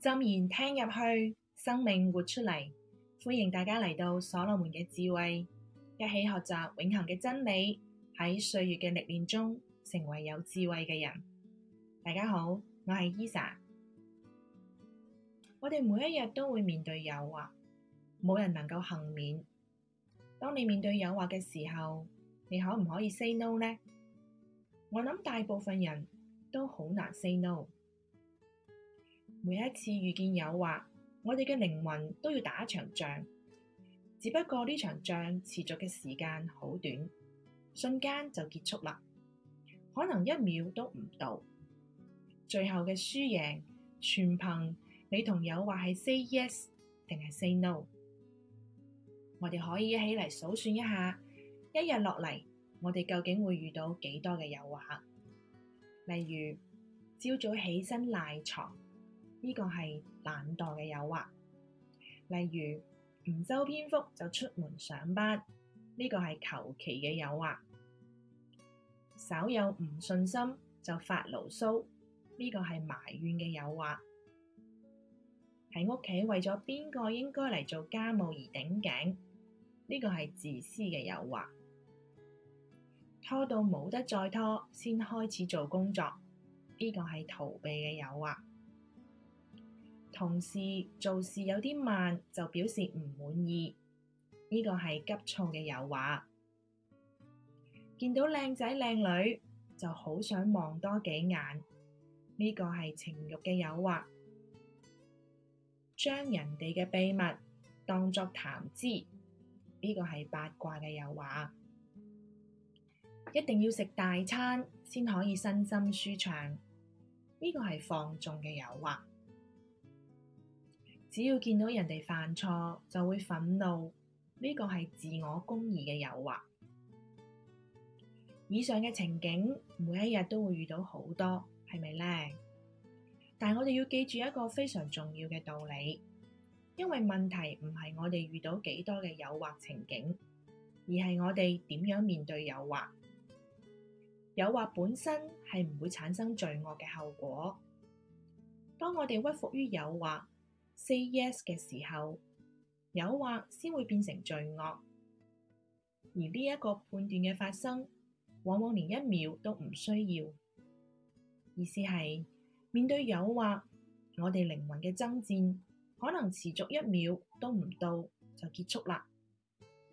浸然聽入去，生命活出嚟。歡迎大家嚟到所羅門嘅智慧，一起學習永恒嘅真理，喺歲月嘅歷練中，成為有智慧嘅人。大家好，我係 Elsa。我哋每一日都會面對誘惑，冇人能夠幸免。當你面對誘惑嘅時候，你可唔可以 say no 呢？我諗大部分人都好難 say no。每一次遇見誘惑，我哋嘅靈魂都要打一場仗，只不過呢場仗持續嘅時間好短，瞬間就結束啦。可能一秒都唔到，最後嘅輸贏全憑你同誘惑係 say yes 定係 say no。我哋可以一起嚟數算一下，一日落嚟我哋究竟會遇到幾多嘅誘惑，例如朝早起身賴床。呢個係懶惰嘅誘惑，例如唔修邊幅就出門上班，呢個係求其嘅誘惑；稍有唔信心就發牢騷，呢個係埋怨嘅誘惑；喺屋企為咗邊個應該嚟做家務而頂頸，呢個係自私嘅誘惑；拖到冇得再拖先開始做工作，呢個係逃避嘅誘惑。同事做事有啲慢，就表示唔滿意。呢個係急躁嘅誘惑。見到靚仔靚女就好想望多幾眼，呢個係情欲嘅誘惑。將人哋嘅秘密當作談資，呢個係八卦嘅誘惑。一定要食大餐先可以身心舒暢，呢個係放縱嘅誘惑。只要見到人哋犯錯，就會憤怒，呢個係自我公義嘅誘惑。以上嘅情景每一日都會遇到好多，係咪呢？但係我哋要記住一個非常重要嘅道理，因為問題唔係我哋遇到幾多嘅誘惑情景，而係我哋點樣面對誘惑。誘惑本身係唔會產生罪惡嘅後果，當我哋屈服於誘惑，say yes 嘅時候，誘惑先會變成罪惡。而呢一個判斷嘅發生，往往連一秒都唔需要。意思係面對誘惑，我哋靈魂嘅爭戰可能持續一秒都唔到就結束啦。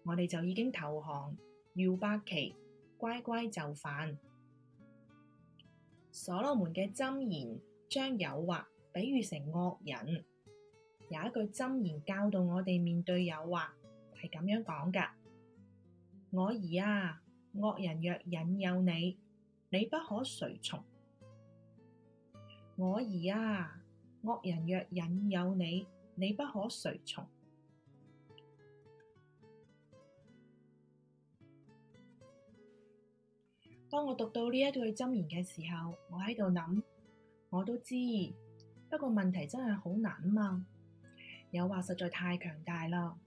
我哋就已經投降，要百奇乖乖就範。所羅門嘅箴言將誘惑比喻成惡人。有一句箴言教導我哋面對誘惑係咁樣講噶：我兒啊，惡人若引誘你，你不可隨從。我兒啊，惡人若引誘你，你不可隨從。當我讀到呢一句箴言嘅時候，我喺度諗，我都知，不過問題真係好難啊嘛。誘惑實在太強大啦，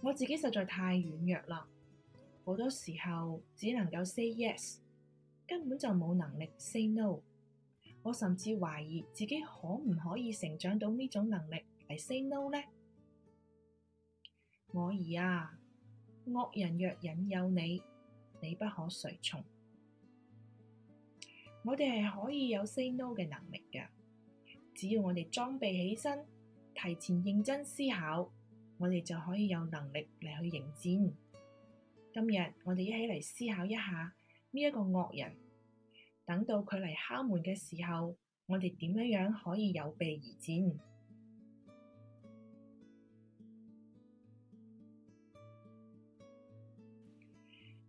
我自己實在太軟弱啦，好多時候只能夠 say yes，根本就冇能力 say no。我甚至懷疑自己可唔可以成長到呢種能力嚟 say no 呢？我兒啊，惡人若引誘你，你不可隨從。我哋係可以有 say no 嘅能力嘅，只要我哋裝備起身。提前認真思考，我哋就可以有能力嚟去迎戰。今日我哋一起嚟思考一下呢一、這個惡人，等到佢嚟敲門嘅時候，我哋點樣樣可以有備而戰？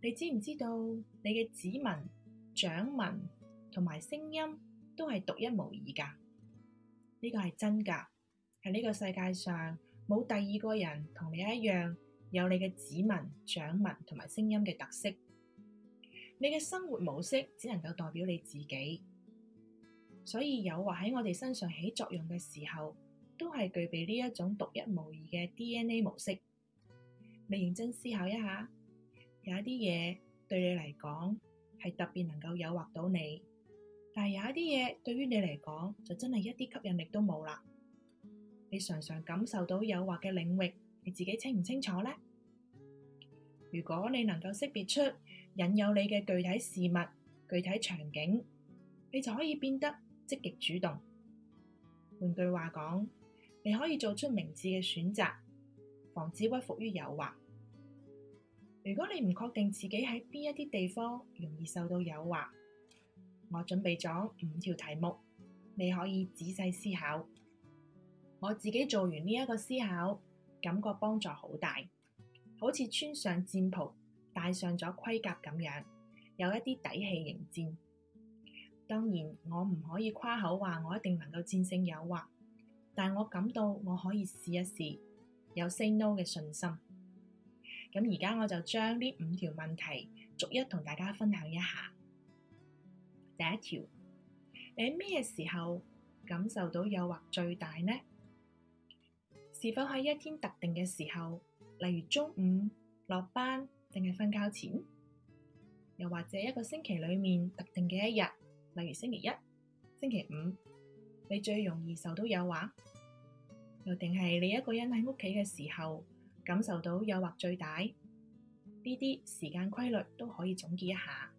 你知唔知道你嘅指紋、掌紋同埋聲音都係獨一無二噶？呢、這個係真噶。喺呢個世界上冇第二個人同你一樣有你嘅指紋、掌紋同埋聲音嘅特色。你嘅生活模式只能夠代表你自己，所以誘惑喺我哋身上起作用嘅時候，都係具備呢一種獨一無二嘅 DNA 模式。你認真思考一下，有一啲嘢對你嚟講係特別能夠誘惑到你，但係有一啲嘢對於你嚟講就真係一啲吸引力都冇啦。你常常感受到誘惑嘅領域，你自己清唔清楚呢？如果你能夠識別出引誘你嘅具體事物、具體場景，你就可以變得積極主動。換句話講，你可以做出明智嘅選擇，防止屈服於誘惑。如果你唔確定自己喺邊一啲地方容易受到誘惑，我準備咗五條題目，你可以仔細思考。我自己做完呢一個思考，感覺幫助好大，好似穿上戰袍、戴上咗盔甲咁樣，有一啲底氣迎戰。當然，我唔可以誇口話我一定能夠戰勝誘惑，但我感到我可以試一試，有 say no 嘅信心。咁而家我就將呢五條問題逐一同大家分享一下。第一條，你喺咩時候感受到誘惑最大呢？是否喺一天特定嘅時候，例如中午、落班定係瞓覺前，又或者一個星期裏面特定嘅一日，例如星期一、星期五，你最容易受到誘惑？又定係你一個人喺屋企嘅時候感受到誘惑最大？呢啲時間規律都可以總結一下。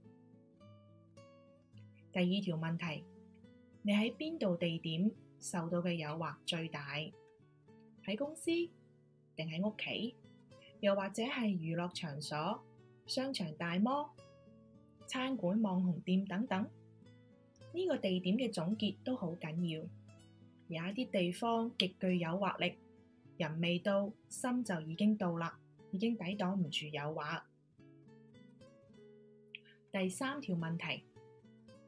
第二條問題，你喺邊度地點受到嘅誘惑最大？喺公司，定喺屋企，又或者係娛樂場所、商場、大摩、餐館、網紅店等等，呢個地點嘅總結都好緊要。有一啲地方極具誘惑力，人未到，心就已經到啦，已經抵擋唔住誘惑。第三條問題：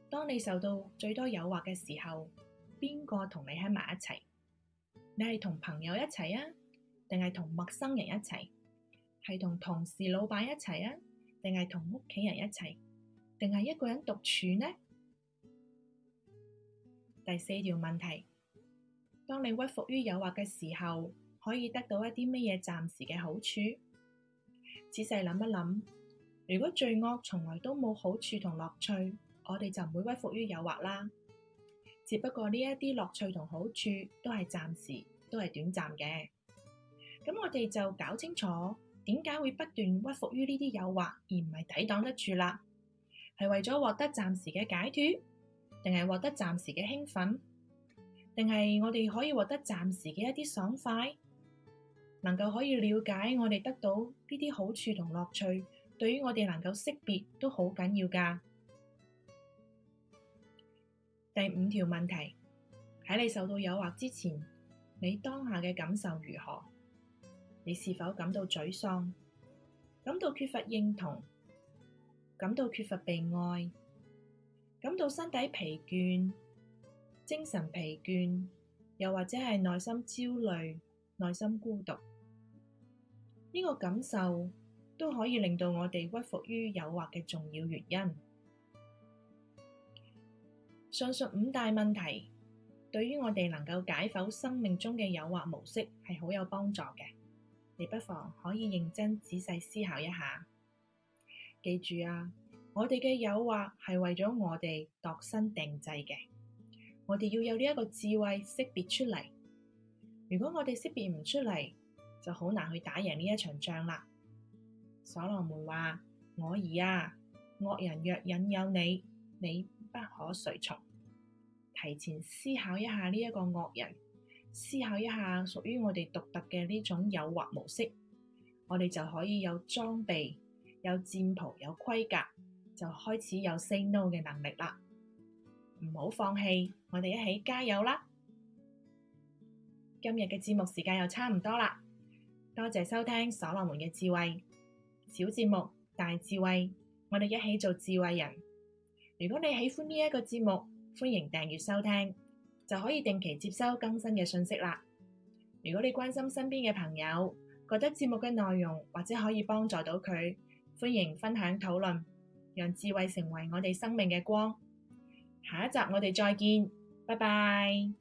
當你受到最多誘惑嘅時候，邊個同你喺埋一齊？你係同朋友一齊啊，定係同陌生人一齊？係同同事、老闆一齊啊，定係同屋企人一齊？定係一個人獨處呢？第四條問題：當你屈服於誘惑嘅時候，可以得到一啲乜嘢暫時嘅好處？仔細諗一諗，如果罪惡從來都冇好處同樂趣，我哋就唔會屈服於誘惑啦。只不過呢一啲樂趣同好處都係暫時。都係短暫嘅，咁我哋就搞清楚點解會不斷屈服於呢啲誘惑，而唔係抵擋得住啦。係為咗獲得暫時嘅解脫，定係獲得暫時嘅興奮，定係我哋可以獲得暫時嘅一啲爽快，能夠可以了解我哋得到呢啲好處同樂趣，對於我哋能夠識別都好緊要噶。第五條問題，喺你受到誘惑之前。你當下嘅感受如何？你是否感到沮喪？感到缺乏認同？感到缺乏被愛？感到身體疲倦？精神疲倦？又或者係內心焦慮、內心孤獨？呢、這個感受都可以令到我哋屈服於誘惑嘅重要原因。上述五大問題。對於我哋能夠解剖生命中嘅誘惑模式，係好有幫助嘅。你不妨可以認真仔細思考一下。記住啊，我哋嘅誘惑係為咗我哋度身定制嘅。我哋要有呢一個智慧識別出嚟。如果我哋識別唔出嚟，就好難去打贏呢一場仗啦。所羅門話：我兒啊，惡人若引誘你，你不可隨從。提前思考一下呢一個惡人，思考一下屬於我哋獨特嘅呢種誘惑模式，我哋就可以有裝備、有戰袍、有盔甲，就開始有 say no 嘅能力啦。唔好放棄，我哋一起加油啦！今日嘅節目時間又差唔多啦，多謝收聽《所羅門嘅智慧》小節目大智慧，我哋一起做智慧人。如果你喜歡呢一個節目，歡迎訂閱收聽，就可以定期接收更新嘅信息啦。如果你關心身邊嘅朋友，覺得節目嘅內容或者可以幫助到佢，歡迎分享討論，讓智慧成為我哋生命嘅光。下一集我哋再見，拜拜。